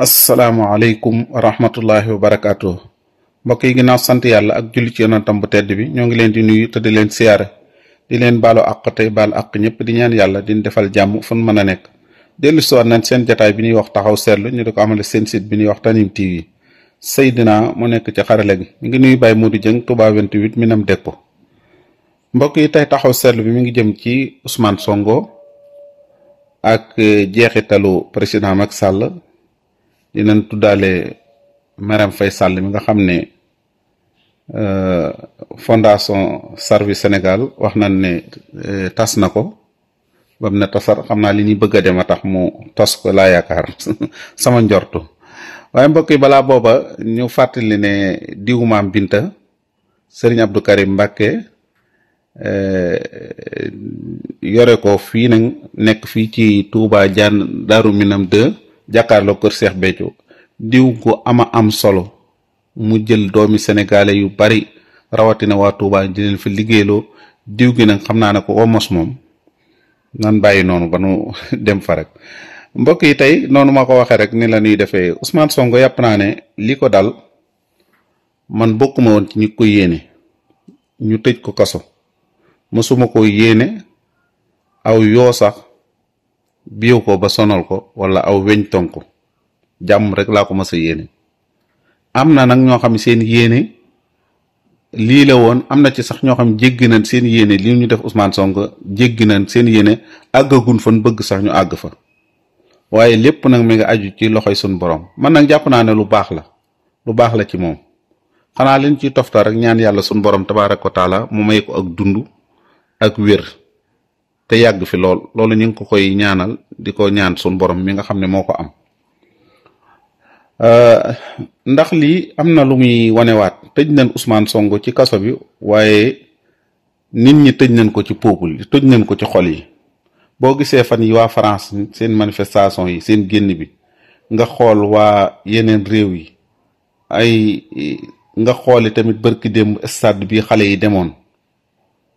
asalaamualeykum wa rahmatullahi wa barakaatu mbokk yi ginnaaw sant yàlla ak julli ci yonentam bu tedd bi ñoo ngi leen di nuy te di leen siyaare di leen baalu àq tey baal àq ñëpp di ñaan yàlla di defal jàmm fu mën a nekk. dellu si waat nañ seen jataay bi ñuy wax taxaw seetlu ñu di ko amale seen site bi ñuy wax Tanime TV Seydina mu nekk ci xarale gi mi ngi nuyu Baye Modou Dieng Touba 28 Minam Dekko mbokk yi tey taxaw seetlu bi mu ngi jëm ci Ousmane Sonko ak eh, jeexitalu président Macky Sall. dina tuddaale Marème fay sàll mi nga xam ne euh, fondation service Sénégal wax nañ ne euh, tas na ko bam ne tasar xam naa li ñuy bëgg a dem a tax mu tas ko laa yaakaar sama njortu waaye mbokk yi balaa booba ñu fàttali ne diw maam Binta Serigne Abdou Karim Mbacke euh, yore ko fii nag nekk fii ci tuuba Dian Daaru Minam 2 jàkkaarloo kër Cheikh Béthio diw gu ama am solo mu jël doomi sénégalais yu bari rawatina waa Touba di leen fi liggéeyloo diw gi nag xam naa ne ko ko mos moom nan bàyyi noonu ba nu dem fa rek mbokk yi tey noonu ma ko waxee rek ni la ñuy defee Ousmane songo yàpp naa ne li ko dal man bokkuma woon ci ñi ko yéene ñu tëj ko kaso mosuma ko yéene aw yoo sax biiw ko ba sonal ko wala aw weñ tonk jàmm rek laa ko mas yéene am na nag ñoo xam seen yéene lii la woon am na ci sax ñoo xam jéggi na seen yéene li ñu def usmaan Sonko jéggi nañ seen yéene àggagun fan bëgg sax ñu àgg fa waaye lépp nag mi nga aju ci loxoy suñ borom man nag jàpp naa ne lu baax la lu baax la ci moom xanaa leen ci toftal rek ñaan yàlla suñ borom tabaaraka wa taala mu may ko ak dund ak wér te yàgg fi lool loolu ñu ngi ko koy ñaanal di ko ñaan suñ borom mi nga xam ne moo ko am euh, ndax lii am na lu muy wanewaat tëj nañ Ousmane Sonko ci kaso bi waaye nit ñi tëj nañ ko ci peuple tëj nañ ko ci xol yi boo gisee fan yi waa France seen manifestation yi seen génn bi nga xool waa yeneen réew yi ay nga xooli tamit bërki démb stade bi xale yi demoon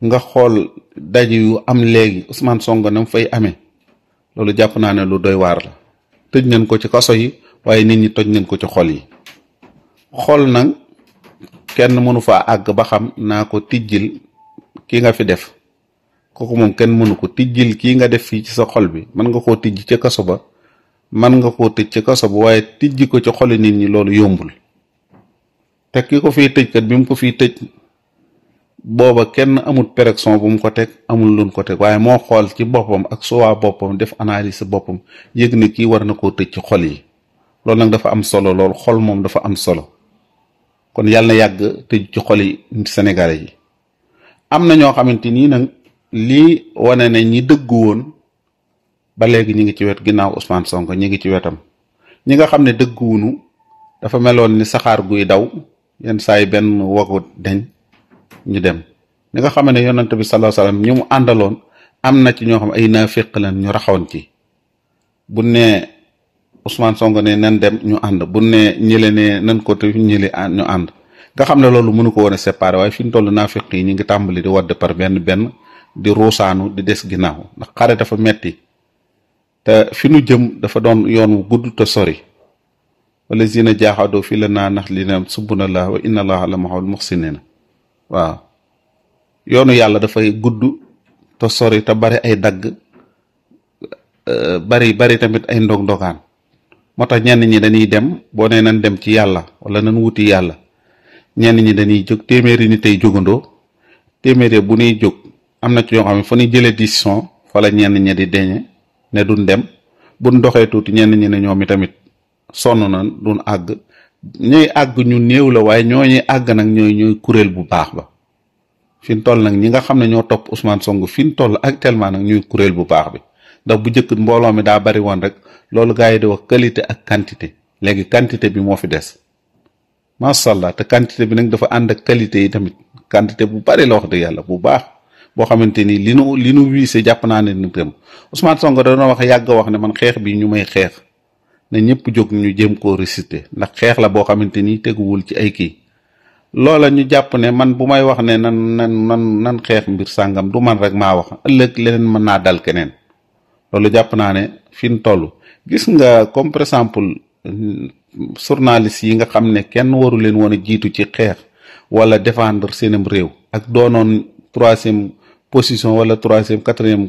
nga xool daje yu am léegi Ousmane Sonko na mu fay amee loolu jàpp naa ne lu doy waar la tëj nañ ko ci kaso yi waaye nit ñi toj nañ ko ci xol yi xol nag kenn mënu faa àgg ba xam naa ko tijjil ki nga fi def kooku moom kenn mënu ko tijjil kii nga def fii ci sa xol bi mën nga koo tijj ca kaso ba mën nga koo tëj ca kaso ba waaye tijji ko ci xoli nit ñi loolu yombul te ki ko fiy tëj kat bi mu ko fiy tëj booba kenn amul pérection bu mu ko teg amul luñ ko teg waaye moo xool ci boppam ak suwaa boppam def analyse boppam yëg ne kii war na koo tëj ci xol yi loolu nag dafa am solo lool xol moom dafa am solo kon yàlla yàgg tëj ci xol yi Sénégalais yi am na ñoo xamante nii nag lii wane ne ñi dëggu woon ba léegi ñi ngi ci wet ginnaaw Ousmane sonk ñi ngi ci wetam ñi nga xam ne dëgguwunu dafa meloon ni saxaar guy daw yenn saa yi benn wagu deñ ñu dem ni nga xam ne yonante bi sallallahu alayhi wasallam ñi mu àndaloon am na ci ñoo xam ay naafiq lan ñu raxoon ci bu ne Ousmane Sonko ne nan dem ñu ànd bu ne ñële ne nan ko te ñële ñu ànd nga xam ne loolu mënu ko woon a séparé waaye fi ñu toll naafiq yi ñu ngi tàmbali di wadd par benn benn di ruusaanu di des ginnaaw ndax xare dafa metti te fi nu jëm dafa doon yoon wu gudd te sori wala zina jaaxaadoo fii la naa nax li na subhanallah wa inna allaha la maxawul muxsinina waaw yoonu yàlla dafay gudd te sori te bari ay dagg eh, bari bari tamit ay ndog ndogaan moo tax ñenn ñi dañuy dem boo nee nan dem ci yàlla wala nan wuti yàlla ñenn ñi dañuy jóg téeméeri ni tey jógandoo téeméeri bu ñuy jóg am na ci yoo xam ne fa ñuy jëlee décision fa ñenn ñi di deñe ne duñ dem buñ ndoxee tuuti ñenn ñi ne ñoom i tamit sonn na duñ àgg ñooy àgg ñu néew la waaye ñoo ñuy àgg nag ñooy ñooy kuréel bu baax ba fi mu toll nag ñi nga xam ne ñoo topp Ousmane Sonko fi mu toll actuellement nag ñuy kuréel bu baax bi ndax bu jëkk mbooloo mi daa bari woon rek loolu gaa yi di wax qualité ak quantité léegi quantité bi moo fi des macha te quantité bi nag dafa ànd ak qualité yi tamit quantité bu bari la wax dëgg yàlla bu baax boo xamante ni li nu li nu wiise jàpp naa ne ni tam Ousmane Sonko da doon wax yàgg wax ne man xeex bi ñu may xeex. ne ñëpp jóg ñu jéem koo réciter ndax xeex la boo xamante ni teguwul ci ay kii loola ñu jàpp ne man bu may wax ne nan nan nan nan xeex mbir sàngam du man rek maa wax ëllëg leneen mën naa dal keneen loolu jàpp naa ne fi mu toll gis nga comme par exemple journaliste yi nga xam ne kenn waru leen woon a jiitu ci xeex wala défendre seenam réew ak doonoon troisième position wala troisième quatrième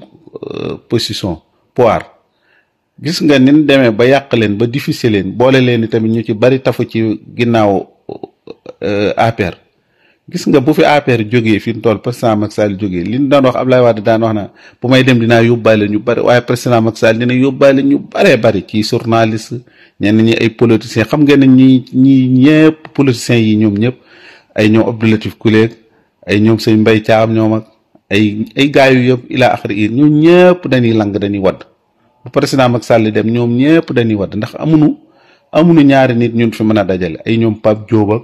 euh, position pouvoir gis nga ni mu demee ba yàq leen ba difficile leen boole leen tamit ñu ci bari tafu ci ginnaaw euh, APR gis nga bu fi APR jógee fi mu toll président Macky Sall jógee li ñu doon wax Ablaye Wade daan wax na bu may dem dinaa yóbbaale ñu bari waaye président Macky Sall dina yóbbaale ñu baree bari ci journaliste ñenn ñi ay politiciens xam ngeen ne ñi ñii ñëpp politiciens yi ñoom ñëpp ay ñoom Abdou Latif ay ñoom sëñ Mbaye Thiam ñoom ak ay ay gaayu yëpp ila axri ñoom ñëpp dañuy lang dañuy wadd bu président Macky Sall dem ñoom ñëpp dañuy wadd ndax amuñu amuñu ñaari nit ñun fi mën a dajale ay ñoom Pape jóobal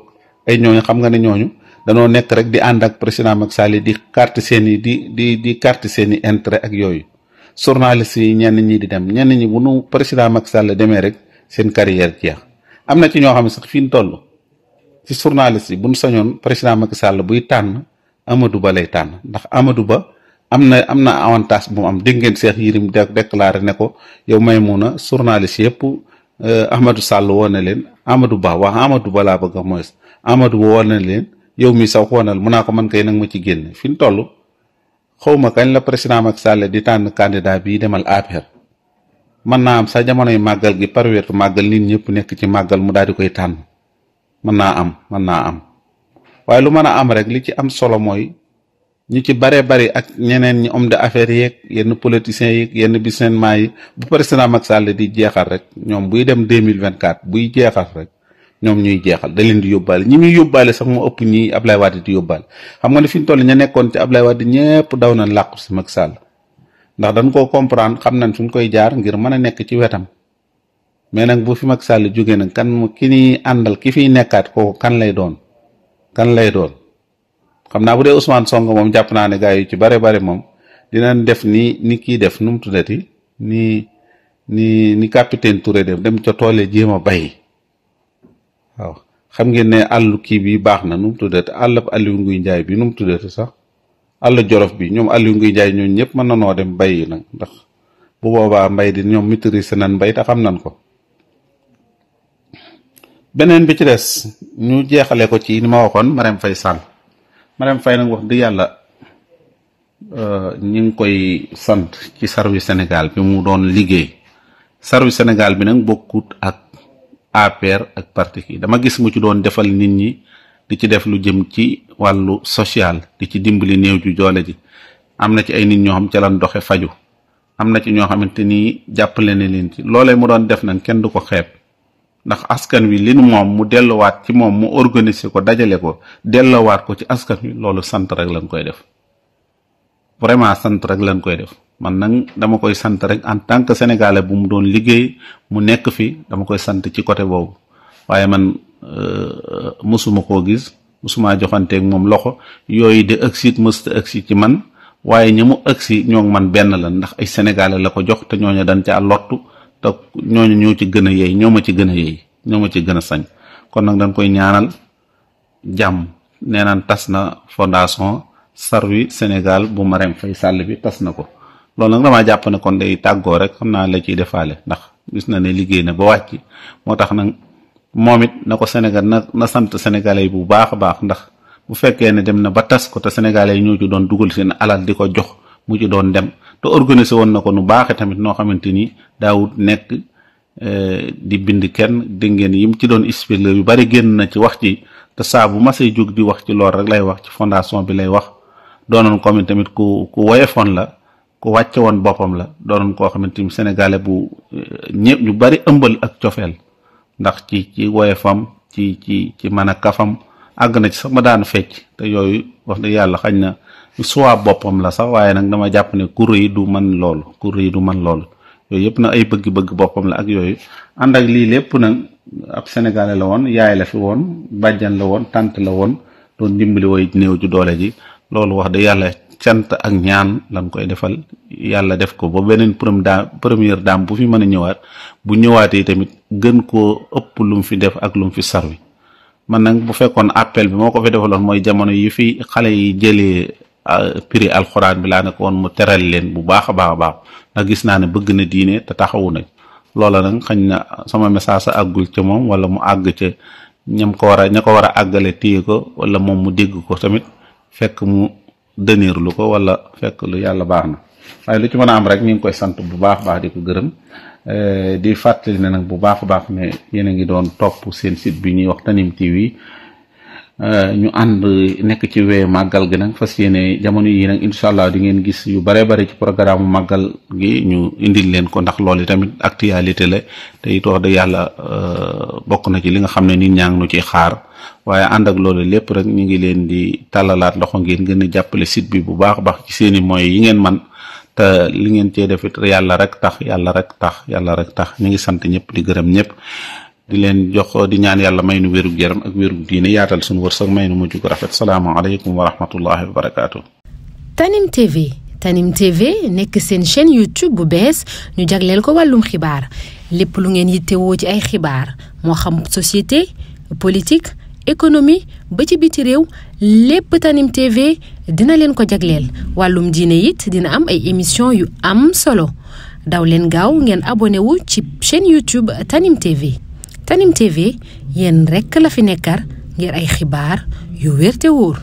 ay ñooñu xam nga ne ñooñu danoo nekk rek di ànd ak président Macky Sall di carte seen i di di di carte seen i intérêt ak yooyu journalistes yi ñenn ñi di dem ñenn ñi bu nu président Macky Sall demee rek seen carrière jeex am na ci ñoo xam ne sax fi ñu toll ci journalistes yi bu nu sañoon président Macky Sall buy tànn Amadou Ba lay tànn ndax amadu Ba. am na am na avantage bu mu am dégg ngeen Cheikh Yérim déclaré ne ko yow Maymuna journaliste yëpp euh, Amadou Sall woo na leen Amadou Ba wax Amadou Ba laa bëgg a mooy Amadou woo na leen yow mi sax woonal mun naa ko mën kay nag ma ci génn fi mu toll xaw ma kañ la président Macky Sall di tànn candidat bii demal APR mën naa am sax jamonoy màggal gi par wetu màggal nit ñëpp nekk ci màggal mu daal di koy tànn mën naa am mën naa am waaye lu mën a am rek li ci am solo mooy. ñu ci baree bari ak ñeneen ñi homme d'affaires yeeg yenn politiciens yi yenn businessman yi bu président Macky Sall di jeexal rek ñoom buy dem deux mille vingt quatre buy jeexal rek ñoom ñuy jeexal da leen di yóbbaale ñi muy yóbbaale sax mu ëpp ñi Ablaye Wade di yóbbaale xam nga ne fi toll ña nekkoon ci Ablaye di ñëpp daw nañ làqu si Macky Sall ndax dañ koo comprendre xam nañ suñ koy jaar ngir mën a nekk ci wetam mais nag bu fi Macky Sall jóge nag kan ki ñuy àndal ki fiy nekkaat kooku kan lay doon kan lay doon. xam naa bu dee Ousmane Sonko moom jàpp naa ne gaa yu ci bare bare moom dinañ def ni ni kii def nu mu tuddati ni ni ni capitaine Touré def dem ca tool jéem a bay waaw xam ngeen ne àllu kii bi baax na nu mu tuddati àll Aliou Nguy Ndiaye bi nu mu tuddati sax àll jorof bi ñoom Aliou Nguy Ndiaye ñooñu ñëpp mën na noo dem bay nag ndax bu boobaa mbay di ñoom maîtriser nañ mbay te xam nañ ko. beneen bi ci des ñu jeexale ko ci ni ma waxoon Marème fay Sall. Marième fay nag wax dëgg yàlla euh, ñi ngi koy sant ci service Sénégal bi mu doon liggéey service Sénégal bi nag bokkut ak APR ak parti yi dama gis mu ci doon defal nit ñi di ci def lu jëm ci wàllu social di ci dimbali néew ju joole ji am na ci ay nit ñoo xam ca lan doxe faju am na ci ñoo xamante ni jàppale ne leen ci loole mu doon def nag kenn du ko xeeb ndax askan wi li nu moom mu delluwaat ci moom mu organiser ko dajale ko delluwaat ko ci askan wi loolu sant rek lañ koy def vraiment sant rek lañ koy def man nag dama koy sant rek en tant que sénégalais bu mu doon liggéey mu nekk fi dama koy sant ci côté boobu waaye man euh, mësuma koo gis mësuma joxanteeg moom loxo yooyu de agsi mësta agsi ci man waaye ña mu agsi ñoo man benn lan ndax ay sénégalais la ko jox te ñooñu dañ caa lottu te ñooñu ñoo ci gën a yey ñoo ma ci gën a yey ñoo ma ci gën a sañ kon nag dañ koy ñaanal jàmm nee naan tas na fondation Servir Sénégal bu Marème Faye sàll bi tas na ko loolu nag damaa jàpp ne kon dey tàggoo rek xam naa la ciy defaale ndax gis na ne liggéey na ba wàcc moo tax nag moom it na ko Sénégal na na sant sénégalais yi bu baax a baax ndax bu fekkee ne dem na ba tas ko te sénégalais yi ñoo ci doon dugal seen alal di ko jox mu ci doon dem te organiser woon na ko nu baaxe tamit noo xamante ni daawut nekk eh, di bind kenn dégg ngeen yim ci doon expliquer yu bari génn na ci wax ci te saa bu masee jóg di wax ci lool rek lay wax ci fondation bi lay wax doonoon ko tamit ku ku woyefoon la ku wàcce woon boppam la doonoon koo xamante ni sénégalais bu eh, ñëpp ñu bari ëmbal ak cofeel ndax ci ci woyefam ci ci ci mën a kafam àgg na ci sama ma daan fecc te yooyu wax dëgg yàlla xañ na suwaa boppam la sax waaye nag dama jàpp ne ku rëy du man loolu ku rëy du man loolu yooyu yëpp na ay bëgg-bëgg boppam la ak yooyu ànd ak lii lépp nag ab sénégalais la woon yaay la fi woon bàjjan la woon tànt la woon doon dimbali woy néew ju doole ji loolu wax dëgg yàlla cant ak ñaan lañ koy defal yàlla def ko ba beneen premier dame première dame bu fi mën a ñëwaat bu ñëwaatee tamit gën koo ëpp lu mu fi def ak lu mu fi sarwi man nag bu fekkoon appel bi moo ko fi defaloon mooy jamono prix alxuraan bi laa ne ko mu teral leen bu baax a baax a baax na gis naa ne bëgg na diine te taxawu nañ loola nag xañ na sama message sa àggul ca moom wala mu àgg ca ñam ko war a ña ko war a àggale téye ko wala moom mu dégg ko tamit fekk mu dëneer lu ko wala fekk lu yàlla baax na waaye lu ci mën a am rek ñu ngi koy sant bu baax baax di ko gërëm eh, di fàttali ne nag bu baax a baax ne yéen a ngi doon topp seen site bi ñuy wax Tanim TV Euh, ñu ànd nekk ci wee màggal gi nag fas yéene jamono yi nag incha allah di ngeen gis yu bare bare ci programme màggal gi ñu indi leen ko ndax loolu tamit actualité la te it wax dëgg yàlla euh, bokk na ci li nga xam ne nit ñaa ngi nu ciy xaar waaye ànd ak loolu lépp rek ñu ngi leen di tàllalaat loxo ngeen gën a jàppale site bi bu baax a baax ci seen i moyens yi ngeen man te li ngeen cee def it yàlla rek tax yàlla rek tax yàlla rek tax ñu ngi sant ñëpp di gërëm ñëpp. di leen jox di ñaan yàlla may nu wérug yaram ak wérug diine yaatal suñu wërsëg may nu mujj ko rafet salaamaaleykum wa rahmatullahi wa barakaatu. Tanim TV Tanim TV nekk seen chaîne YouTube bu bees ñu jagleel ko wàllum xibaar lépp lu ngeen yittewoo ci ay xibaar moo xam société politique économie ba ci biti réew lépp Tanim TV dina leen ko jagleel wàllum diine it dina am ay émission yu am solo daw leen gaaw ngeen abonné wu ci chaîne YouTube Tanim TV. Tanim TV yéen rekk la fi nekkar ngir ay xibaar yu wér te wóor